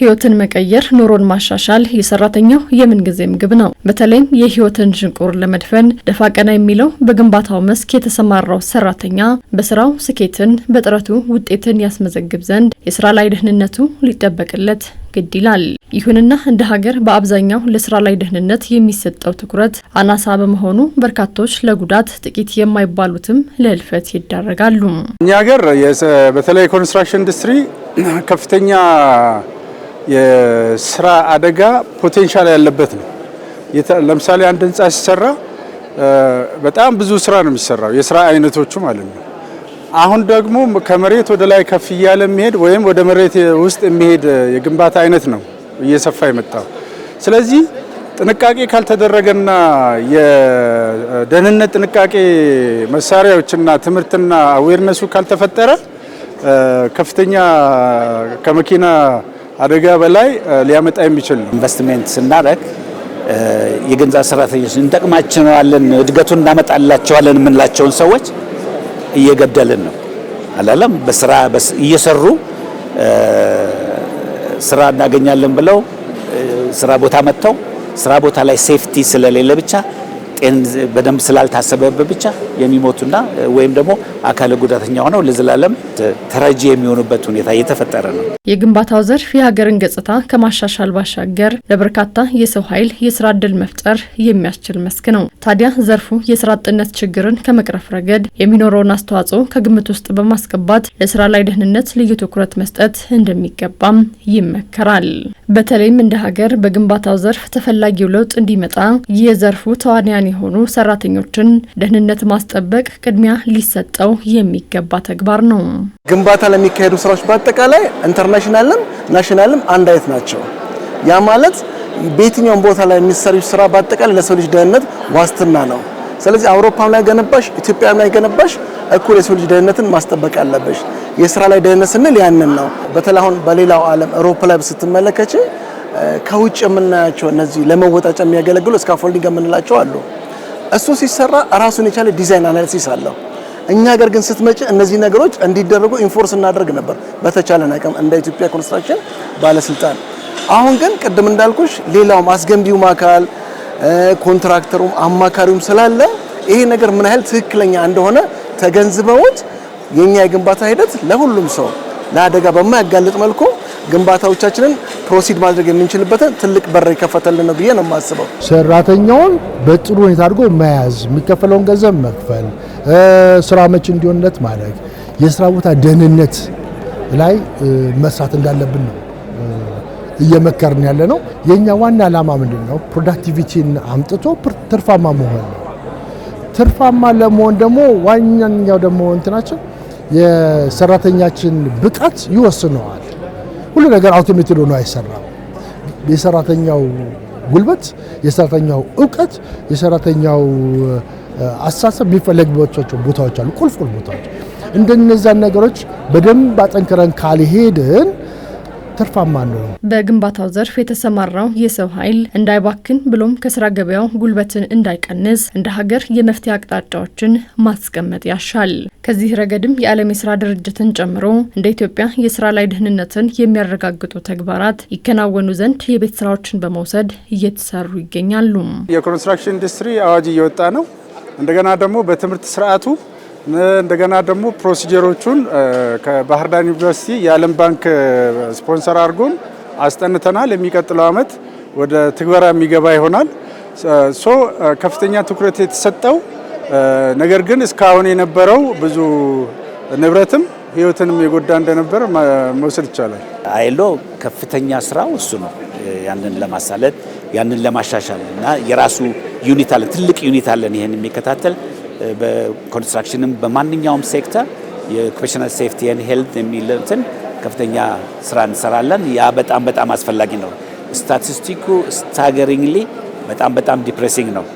ህይወትን መቀየር፣ ኑሮን ማሻሻል የሰራተኛው የምንጊዜ ምግብ ነው። በተለይም የህይወትን ሽንቁር ለመድፈን ደፋ ቀና የሚለው በግንባታው መስክ የተሰማራው ሰራተኛ በስራው ስኬትን፣ በጥረቱ ውጤትን ያስመዘግብ ዘንድ የስራ ላይ ደህንነቱ ሊጠበቅለት ግድ ይላል። ይሁንና እንደ ሀገር በአብዛኛው ለስራ ላይ ደህንነት የሚሰጠው ትኩረት አናሳ በመሆኑ በርካቶች ለጉዳት ጥቂት የማይባሉትም ለህልፈት ይዳረጋሉ። እኛ ሀገር በተለይ ኮንስትራክሽን ኢንዱስትሪ ከፍተኛ የስራ አደጋ ፖቴንሻል ያለበት ነው። ለምሳሌ አንድ ህንፃ ሲሰራ በጣም ብዙ ስራ ነው የሚሰራው፣ የስራ አይነቶቹ ማለት ነው። አሁን ደግሞ ከመሬት ወደ ላይ ከፍ እያለ የሚሄድ ወይም ወደ መሬት ውስጥ የሚሄድ የግንባታ አይነት ነው እየሰፋ የመጣው። ስለዚህ ጥንቃቄ ካልተደረገና የደህንነት ጥንቃቄ መሳሪያዎችና ትምህርትና አዌርነሱ ካልተፈጠረ ከፍተኛ ከመኪና አደጋ በላይ ሊያመጣ የሚችል ነው። ኢንቨስትሜንት ስናደርግ የገንዘብ ሰራተኞች እንጠቅማቸዋለን፣ እድገቱን እናመጣላቸዋለን የምንላቸውን ሰዎች እየገደልን ነው አላለም። በስራ እየሰሩ ስራ እናገኛለን ብለው ስራ ቦታ መጥተው ስራ ቦታ ላይ ሴፍቲ ስለሌለ ብቻ ጤን በደንብ ስላልታሰበበት ብቻ የሚሞቱና ወይም ደግሞ አካለ ጉዳተኛ ሆነው ለዘላለም ተረጂ የሚሆኑበት ሁኔታ እየተፈጠረ ነው። የግንባታው ዘርፍ የሀገርን ገጽታ ከማሻሻል ባሻገር ለበርካታ የሰው ኃይል የስራ እድል መፍጠር የሚያስችል መስክ ነው። ታዲያ ዘርፉ የስራ አጥነት ችግርን ከመቅረፍ ረገድ የሚኖረውን አስተዋጽኦ ከግምት ውስጥ በማስገባት ለስራ ላይ ደህንነት ልዩ ትኩረት መስጠት እንደሚገባም ይመከራል። በተለይም እንደ ሀገር በግንባታው ዘርፍ ተፈላጊው ለውጥ እንዲመጣ የዘርፉ ተዋንያን የሆኑ ሰራተኞችን ደህንነት ማስጠበቅ ቅድሚያ ሊሰጠው የሚገባ ተግባር ነው። ግንባታ ለሚካሄዱ ስራዎች በአጠቃላይ ኢንተርናሽናልም ናሽናልም አንድ አይነት ናቸው። ያ ማለት በየትኛውም ቦታ ላይ የሚሰሩ ስራ በአጠቃላይ ለሰው ልጅ ደህንነት ዋስትና ነው። ስለዚህ አውሮፓም ላይ ገነባሽ፣ ኢትዮጵያም ላይ ገነባሽ እኩል የሰው ልጅ ደህንነትን ማስጠበቅ አለበች። የስራ ላይ ደህንነት ስንል ያንን ነው። በተለይ አሁን በሌላው ዓለም አውሮፓ ስትመለከች ከውጭ የምናያቸው እነዚህ ለመወጣጫ የሚያገለግሉ ስካፎልዲንግ የምንላቸው አሉ። እሱ ሲሰራ ራሱን የቻለ ዲዛይን አናሊሲስ አለው። እኛ ሀገር ግን ስትመጪ እነዚህ ነገሮች እንዲደረጉ ኢንፎርስ እናደርግ ነበር በተቻለን አቅም እንደ ኢትዮጵያ ኮንስትራክሽን ባለስልጣን። አሁን ግን ቅድም እንዳልኩሽ ሌላውም አስገንቢውም አካል ኮንትራክተሩም አማካሪውም ስላለ ይሄ ነገር ምን ያህል ትክክለኛ እንደሆነ ተገንዝበውት የኛ የግንባታ ሂደት ለሁሉም ሰው ለአደጋ በማያጋልጥ መልኩ ግንባታዎቻችንን ፕሮሲድ ማድረግ የምንችልበትን ትልቅ በር ይከፈተልን ነው ብዬ ነው የማስበው። ሰራተኛውን በጥሩ ሁኔታ አድርጎ መያዝ፣ የሚከፈለውን ገንዘብ መክፈል፣ ስራ መች እንዲሆንለት ማድረግ፣ የስራ ቦታ ደህንነት ላይ መስራት እንዳለብን ነው እየመከርን ያለ ነው። የእኛ ዋና ዓላማ ምንድን ነው? ፕሮዳክቲቪቲን አምጥቶ ትርፋማ መሆን ነው። ትርፋማ ለመሆን ደግሞ ዋኛኛው ደግሞ እንትናችን የሰራተኛችን ብቃት ይወስነዋል። ሁሉ ነገር አውቶሜትድ ሆኖ አይሰራም። የሰራተኛው ጉልበት፣ የሰራተኛው እውቀት፣ የሰራተኛው አሳሰብ የሚፈለግባቸው ቦታዎች አሉ፣ ቁልፍ ቁልፍ ቦታዎች። እንደነዛን ነገሮች በደንብ አጠንክረን ካልሄድን ትርፋማ ነው። በግንባታው ዘርፍ የተሰማራው የሰው ኃይል እንዳይባክን ብሎም ከስራ ገበያው ጉልበትን እንዳይቀንስ እንደ ሀገር የመፍትሄ አቅጣጫዎችን ማስቀመጥ ያሻል። ከዚህ ረገድም የዓለም የስራ ድርጅትን ጨምሮ እንደ ኢትዮጵያ የስራ ላይ ደህንነትን የሚያረጋግጡ ተግባራት ይከናወኑ ዘንድ የቤት ስራዎችን በመውሰድ እየተሰሩ ይገኛሉ። የኮንስትራክሽን ኢንዱስትሪ አዋጅ እየወጣ ነው። እንደገና ደግሞ በትምህርት ስርዓቱ እንደገና ደግሞ ፕሮሲጀሮቹን ከባህር ዳር ዩኒቨርሲቲ የዓለም ባንክ ስፖንሰር አድርጎን አስጠንተናል። የሚቀጥለው ዓመት ወደ ትግበራ የሚገባ ይሆናል። ሶ ከፍተኛ ትኩረት የተሰጠው ነገር ግን እስካሁን የነበረው ብዙ ንብረትም ህይወትንም የጎዳ እንደነበር መውሰድ ይቻላል። አይሎ ከፍተኛ ስራው እሱ ነው። ያንን ለማሳለጥ ያንን ለማሻሻል እና የራሱ ዩኒት አለን፣ ትልቅ ዩኒት አለን ይህን የሚከታተል በኮንስትራክሽንም በማንኛውም ሴክተር የኦኩፔሽናል ሴፍቲ ን ሄልት የሚልትን ከፍተኛ ስራ እንሰራለን። ያ በጣም በጣም አስፈላጊ ነው። ስታቲስቲኩ ስታገሪንግሊ በጣም በጣም ዲፕሬሲንግ ነው።